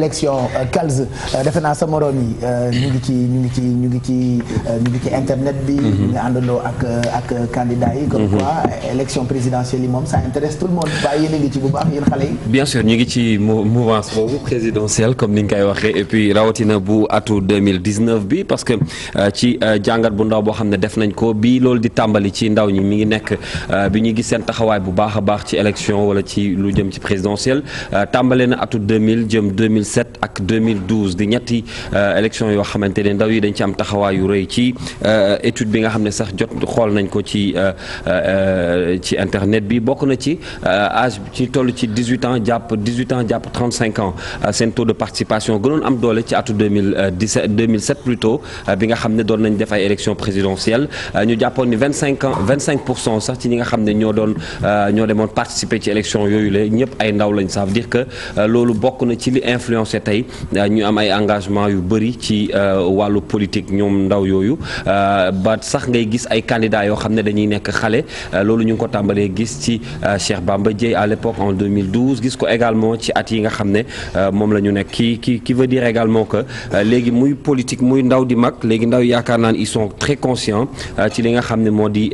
élection euh, Calze euh, defe naa sa moroom yi euh, ñu ngi ci ñu ci ñu ngi ci ñu ngi ci internet bi. Mhm. ñu ngi àndandoo ak ak candidat yi. comme mhm. quoi élection présidentielle yi moom ça intéresse tout le monde waaye yéen ngi ci bu baax yéen xale yi. bien sûr ñu ngi ci mouvance boobu présidentielle comme ni nga koy waxee et rawatina bu atu 2019 bi parce que ci jàngat bu ndaw boo xam ne def nañ ko bi loolu di tàmbali ci ndaw ñi mi ngi nekk bi ñu gis seen taxawaay bu baax a baax ci élection wala ci lu jëm ci présidentielle tàmbale na atu 2000 jëm 2000. 2007 ak 2012 di ñetti euh, élection yoo xamante ne ndaw yi dañ ci am taxawaayu rëy ci euh, étude bi nga xam ne sax jot xool nañ ko ci euh, ci internet bi bokk na ci âge ci toll ci 18 ans jàpp 18 ans jàpp 35 ans seen taux de participation gënoon am doole ci atu 2017 2007 plutôt bi nga xam ne doon nañ def ay élection présidentielle ñu jàppoon ni 25 ans 25 pour cent sax ci ñi nga xam ne ñoo doon ñoo demoon participer ci élection yooyu la ñëpp ay ndaw lañ ça veut dire que loolu bokk na ci li annoncé tey euh, ñu am ay engagement yu bëri ci euh, wàllu politique ñoom ndaw yooyu euh, ba sax ngay gis ay candidats yoo xam ne dañuy nekk xale loolu ñu ngi ko tàmbalee gis ci Cheikh Bamba Dièye à l'époque en 2012 gis ko également ci at yi nga xam ne moom la ñu nekk ki ki qui veut dire également que léegi muy politique muy ndaw di mag léegi ndaw yaakaar naan ils sont très conscients ci li nga xam ne moo di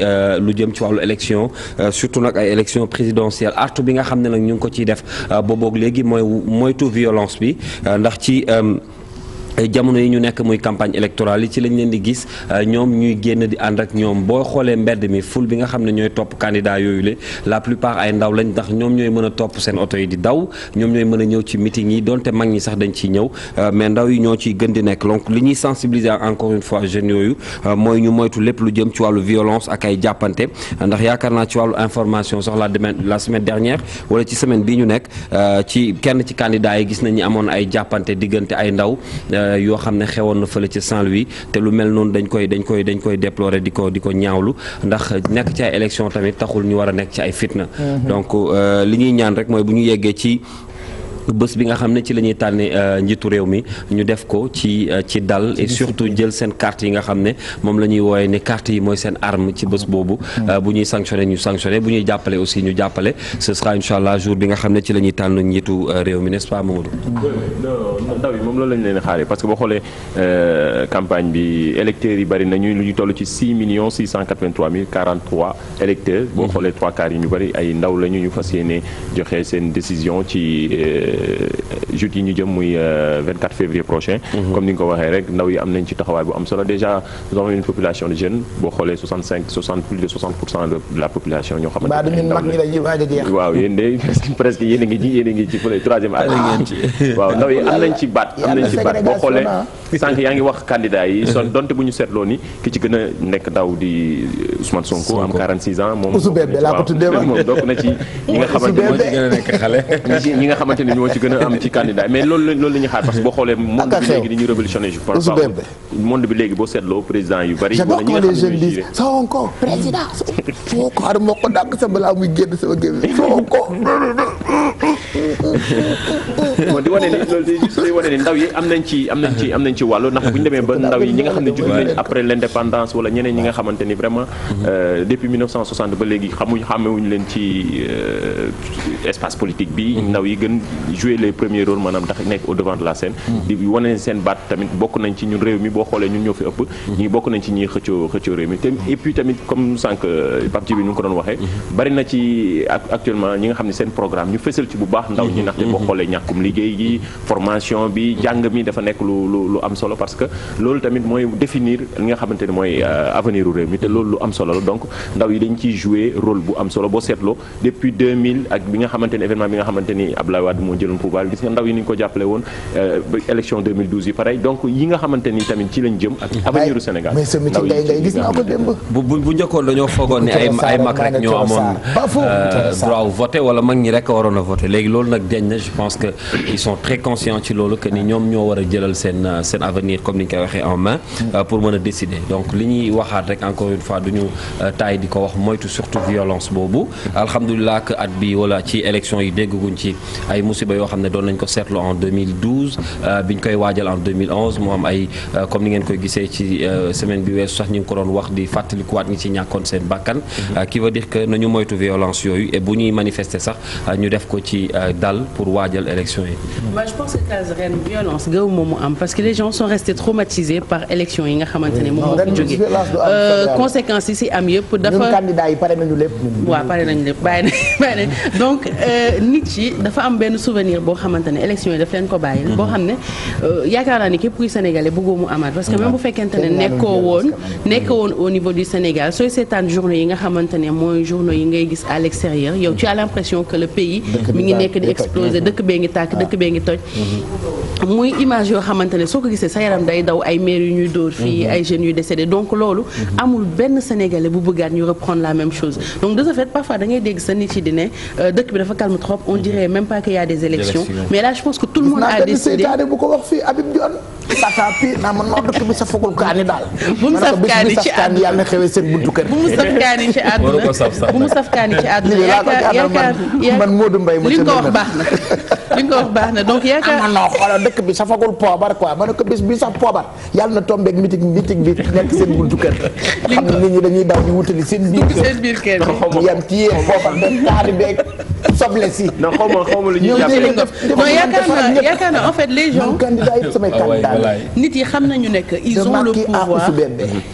lu jëm ci wàllu élection surtout nag ay élection présidentielle artu bi nga xam ne nag ñu ngi ko ciy def bi ndax ci euh, jamono yi ñu nekk muy campagne électorale yi ci lañ leen di gis euh, ñoom ñuy génn di ànd ak ñoom boo xoolee mbedd mi ful bi nga xam ne ñooy topp candidat yooyu le la plupart ay ndaw lañ ndax ñoom ñooy mën a topp seen oto yi di daw ñoom ñooy mën a ñëw ci meeting yi donte mag ñi sax dañ ciy ñëw euh, mais ndaw yi ñoo ciy gën di nekk donc li ñuy sensibiliser encore une fois jeunes yooyu euh, mooy ñu moytu lépp lu jëm ci wàllu violence ak ay jàppante ndax yaakaar naa ci wàllu information sax la la semaine dernière wala ci semaine bii ñu nekk ci kenn ci candidat yi gis nañu amoon ay jàppante diggante ay ndaw Euh, yoo xam ne xewoon na fële ci Saint-Louis te lu mel noonu dañ koy dañ koy dañ koy déplorer di ko di ko ñaawlu ndax nekk ci ay élection tamit taxul ñu war a nekk ci ay fitna mhm. donc euh, li ñuy ñaan rek mooy bu ñu yeggee ci bës bi nga xam ne ci la ñuy tànni euh, njiitu réew mi ñu def ko ci ci dal et surtout jël seen carte yi nga xam ne moom la ñuy wooye ne carte yi mooy seen arme ci bés boobu mhm. bu ñuy sanctionné ñu sanctionné bu ñuy jàppale aussi ñu jàppale ce sera incha bi nga xam ne ci la ñuy tànn njiitu réew mi n'est-ce ndaw yi moom loolu lañ leen xaaree parce que boo xoolee euh, campagne bi électeurs yi bari lu ñu toll ci 6 millions boo xoolee trois quarts yi ñu bari ay ndaw lañu ñu fas yéene joxe seen décision ci euh, joute yi ñu jëm muy euh, février prochain. Mm-hmm. comme ni ko waxee rek ndaw yi am nañ ci taxawaay bu am solo déjà nous avons une population de jeunes boo xoolee de la population ñoo xamante ne. ndaw lañu waaw yéen de presque yéen ngi ci yéen a ngi ci fële troisième âge. waaw ci baat am nañ ci baat boo sànq yaa ngi wax candidat yi. son donte bu ñu seetloo ni ki ci gën a nekk daw di euh, Ousmane Sonko am 46 ans. moom Ousou na ci ñi nga xamante ne a ñoo ci gën a am ci candidat mais loolu loolu xaar parce que boo xoolee. monde bi léegi boo seetloo président yu bari. wala ñi nga xam ne jeunes disent Sonko président Sonko xaaral moo ko dàq sa balaa muy génn sama génn Sonko. moo di wane ni loolu di wane ni ndaw yi am nañ ci ci wàllu ndax bu ñu demee ba ndaw ñi nga xam ne judd nañ après l'indépendance wala ñeneen ñi nga xamante ni vraiment mm-hmm. euh, depuis 1960 ba léegi xamuñ xamewuñ leen ci euh, espace politique bi mm-hmm. ndaw yi gën jouer les premiers rôles maanaam tax nekk au la scène mm-hmm. di wane seen baat tamit bokk nañ ci ñun réew mi boo xoolee ñun ñoo fi ëpp ñi bokk nañ ci ñi xëccoo xëccoo réew mi te et puis tamit comme sànq euh, Pape Djibi ñu ko doon waxee bari na ci actuellement ñi nga xam ne seen programme ñu fësal ci bu baax ndaw ñi ndaxte boo xoolee ñàkkum liggéey gi formation dafa nekk lu lu am solo parce que loolu tamit mooy définir li nga xamante ne mooy euh, avenir réew mi te loolu lu am solo la donc ndaw yi dañ ciy jouer rôle bu am solo boo seetloo depuis 2000 ak bi nga xamante ne événement bi nga xamante ni Abdoulaye Wade moo jëloon pouvoir gis nga ndaw yi ni ñu euh, bu njëkkoon dañoo foogoon ne ay ay rek ñoo amoon euh, droit voter wala mag ñi rek waroon a voter léegi loolu nag deñ na je pense que ils sont très conscients ci loolu que ni ñoom ñoo war jëlal seen seen avenir comme ni ñu koy waxee en main euh, pour mën a décider donc li ñuy waxaat rek encore une fois duñu euh, taay di ko wax moytu surtout violence boobu alhamdulilah que at bi wala ci élection yi dégguñ ci ay musiba yoo xam ne doon nañ ko seetlu en 2012 euh, biñ koy waajal en 2011 mu am ay comme ni ngeen koy gisee ci semaine bi weesu sax ñu ngi ko doon wax di fàttalikuwaat ñi ci ñàkkoon seen bakkan mhm. qui veut dire que nañu moytu violence yooyu bu ñuy manifester sax ñu def ko ci dal pour waajal élection yi gens sont restés traumatisés par élection yi nga xamante ne moom moo fi jógee euh, conséquences yi si am yëpp dafa ñun candidats yi pare nañu lépp waaw pare nañu lépp bàyyi na na donc euh, nit yi dafa am benn souvenir boo xamante ne élection yi daf leen ko bàyyi boo xam ne euh, yaakaar naa ni képp kuy sénégalais bëggoo mu amaat parce que même bu fekkente ne nekkoo woon nekkoo woon au niveau du Sénégal sooy seetaan journaux yi nga xamante ne mooy journaux yi ngay gis à l'extérieur yow tu as l'impression que le pays mi ngi nekk di exploser dëkk bee ngi tàkk dëkk bee ngi toj mhm. ne gisee sa yaram day daw ay maires yu ñuy dóor fii mhm. ay jeunes yu décédé donc loolu mhm. amul benn sénégalais bu bëggaat ñu reprendre la même chose donc de ce fait parfois da ngay dégg sa nit yi di ne euh, dëkk bi dafa calme trop on mhm. dirait même pas qu'il y a des élections mais là je pense que tout le monde a décidé bu ko wax fii Habib Dione tata pii bu mu saf kaani ci àdduna bu mu saf kaani ci àdduna li nga wax baax na li nga wax baax na donc ah, yaakaar non non dëkk bi safagul poobar quoi bés bi sax poobar yàlla na tombeeg mitig mitig bi nekk seen buntu kër xam ne nit ñi dañuy daal di wutali seen biir kër yam ci yéen poobar def taari beeg ma xaw ma lu ah nit yi xam nañu ne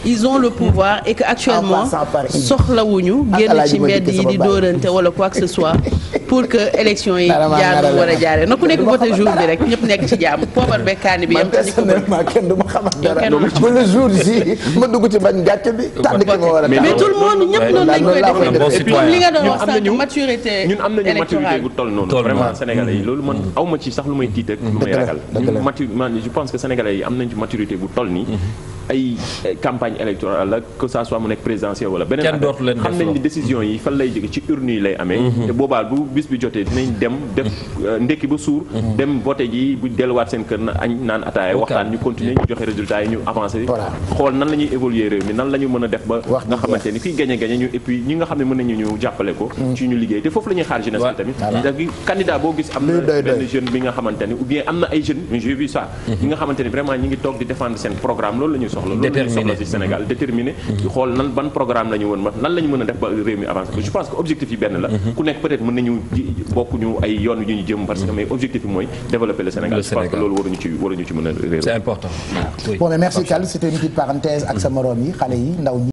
ils ont le hmm. pouvoir ils ont actuellement soxlawuñu génn ci mbedd yi di dóorante wala quoi que ce soit pour que élection yi jaar war a jaaree na ku nekk voté jour bi rek ñëpp nekk ci jàmm poobar beeg kaani bi yem. man personnellement kenn du ma xamal dara ba le jour ji ma dugg ci bañ gàcce bi. tànn ki ma war a mais tout le monde ñëpp noonu lañ koy defee. comme li nga doon wax maturité. nañu maturité bu toll noonu. vraiment sénégalais loolu man mm. aw ma ci sax lu may tiit ak lu mm. may ragal. dëgg la man pense que sénégalais yi am nañu ci maturité bu toll nii. Mm-hmm. ay campagne électorale la que ça soit mu nekk présidentiel wala décision yi fan lay jóge ci urne yi lay amee mhm. te boobaa bu bis bi jotee dinañ dem def euh, ndekki ba suur mhm. dem voté ji bu delluwaat seen kër na añ naan ataaya waxtaan ñu continuer ñu joxe résultat yi ñu avancé xool nan la ñuy évoluer réew mi nan la ñu mën a def ba nga xamante ni gañe gañe ñu et puis ñi nga xam ne mën nañu ñu jàppale ko mhm. ci ñu liggéey te foofu la xaar jeunesse bi tamit parce que boo gis am na benn jeune bi soxla loolu soxla si Sénégal déterminé di mm-hmm. xool nan ban programme la ñu nan la ñu a def ba réew mi avancé je pense que objectif yi benn la mm-hmm. ku nekk peut-être mën nañu bokk ñu ay yoon yu ñu jëm parce que mm-hmm. mais objectif bi mooy développer le Sénégal je pense que loolu waruñu ci waruñu a réew c'est important ah. merci Kal c'était une petite parenthèse ak sa moroom yi xale yi ndaw ñi